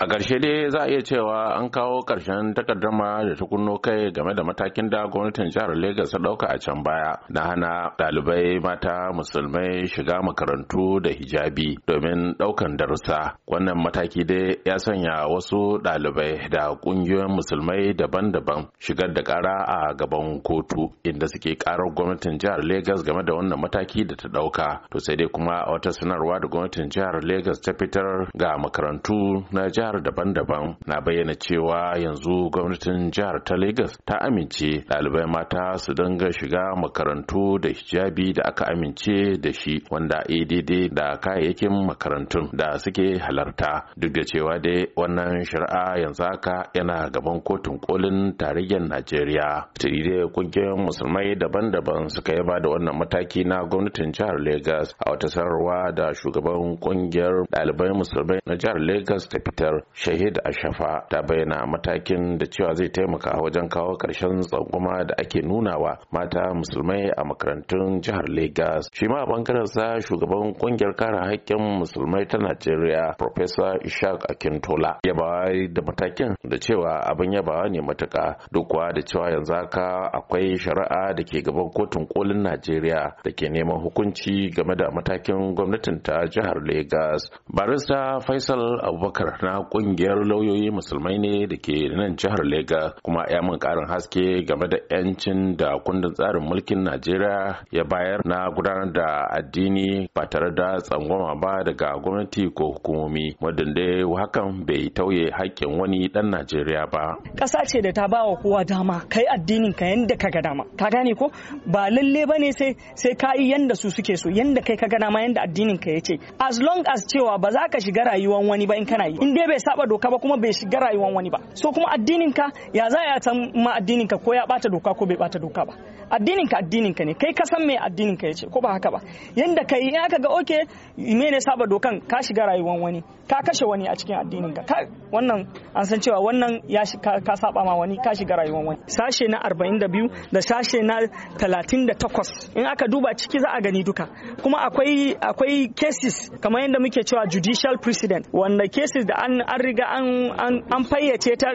a ƙarshe dai za a iya cewa an kawo ƙarshen takardama da ta kunno kai game da matakin da gwamnatin jihar Legas ta ɗauka a can baya na hana ɗalibai mata musulmai shiga makarantu da hijabi domin ɗaukan darussa wannan mataki dai ya sanya wasu ɗalibai da ƙungiyoyin musulmai daban-daban shigar da ƙara a gaban kotu inda suke ƙarar gwamnatin jihar Legas game da wannan mataki da ta ɗauka to sai dai kuma wata sanarwa da gwamnatin jihar Legas ta fitar ga makarantu na jihar jihar daban-daban na bayyana cewa yanzu gwamnatin jihar ta Legas ta amince ɗalibai mata su dinga shiga makarantu da hijabi da aka amince da shi wanda daidai da kayayyakin makarantun da suke halarta duk da cewa dai wannan shari'a yanzu haka yana gaban kotun kolin tarayyar Najeriya. Tiri dai kungiyoyin musulmai daban-daban suka yaba da wannan mataki na gwamnatin jihar Legas a wata sanarwa da shugaban kungiyar ɗalibai musulmai na jihar Legas ta fitar shahid shahid ashafa ta bayyana matakin da cewa zai taimaka wajen kawo ƙarshen tsangwama da ake nunawa mata musulmai a makarantun jihar Legas. Shi ma a bangaren sa shugaban kungiyar kare haƙƙin musulmai ta Najeriya Professor Ishaq Akintola ya da matakin da cewa abin yabawa ne matuƙa duk kuwa da cewa yanzu haka akwai shari'a da ke gaban kotun kolin Najeriya da ke neman hukunci game da matakin gwamnatin ta jihar Legas. Barista Faisal Abubakar na kungiyar lauyoyi musulmai ne da ke nan jihar Legas kuma ya mun karin haske game da 'yancin da kundin tsarin mulkin Najeriya ya bayar na gudanar da addini ba tare da tsangwama ba daga gwamnati ko hukumomi wadanda hakan bai tauye haƙƙin wani dan Najeriya ba. Ƙasa ce da ta bawa kowa dama kai addinin ka yanda ka ga dama ka gane ko ba lalle bane sai sai ka yi yanda su suke so yanda kai ka ga dama yanda addinin ka yace as long as cewa ba za ka shiga rayuwar wani ba in kana yi in dai bai saba doka ba kuma bai shiga rayuwar wani ba so kuma addinin ka ya za ya san ma addinin ka ko ya bata doka ko bai bata doka ba addinin ka addinin ka ne kai ka san me addinin ka yace ko ba haka ba yanda kai in aka ga oke me ne saba dokan ka shiga rayuwar wani ka kashe wani a cikin addinin ka wannan an san cewa wannan ya ka saba ma wani ka shiga rayuwar wani sashe na 42 da sashe na 38 in aka duba ciki za a gani duka kuma akwai akwai cases kamar yadda muke cewa judicial precedent wanda cases da an riga an riga an fayyace ta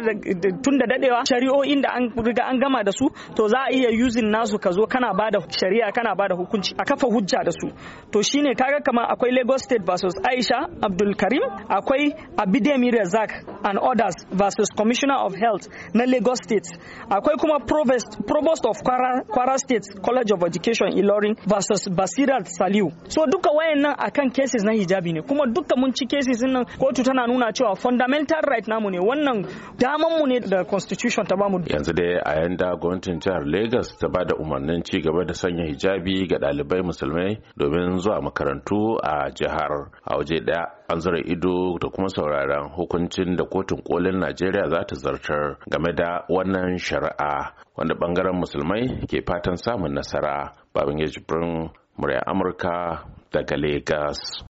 tun da dadewa shari'o'in da an riga an gama da su to za a iya using nasu ka zo kana bada shari'a kana bada hukunci a kafa hujja da su to shine kaga kamar akwai Lagos State versus Aisha Abdul Karim akwai Abidemi Razak and others versus Commissioner of Health na Lagos State. Akwai kuma Provost, Provost of Kwara, Kwara State College of Education Ilorin versus Basirat Saliu. So duka wayannan akan cases na hijabi ne kuma duka mun ci cases nan kotu tana nuna cewa fundamental right namu ne wannan daman mu ne da constitution ta bamu. Yanzu dai a yanda gwamnatin jihar Lagos ta ba da umarnin ci gaba da sanya hijabi ga ɗalibai musulmai domin zuwa makarantu a jihar a waje daya. an zura ido da kuma sauraron hukuncin da kotun kolin najeriya za ta zartar game da wannan shari'a wanda bangaren musulmai ke fatan samun nasara babin ya jibrin murya amurka daga Legas.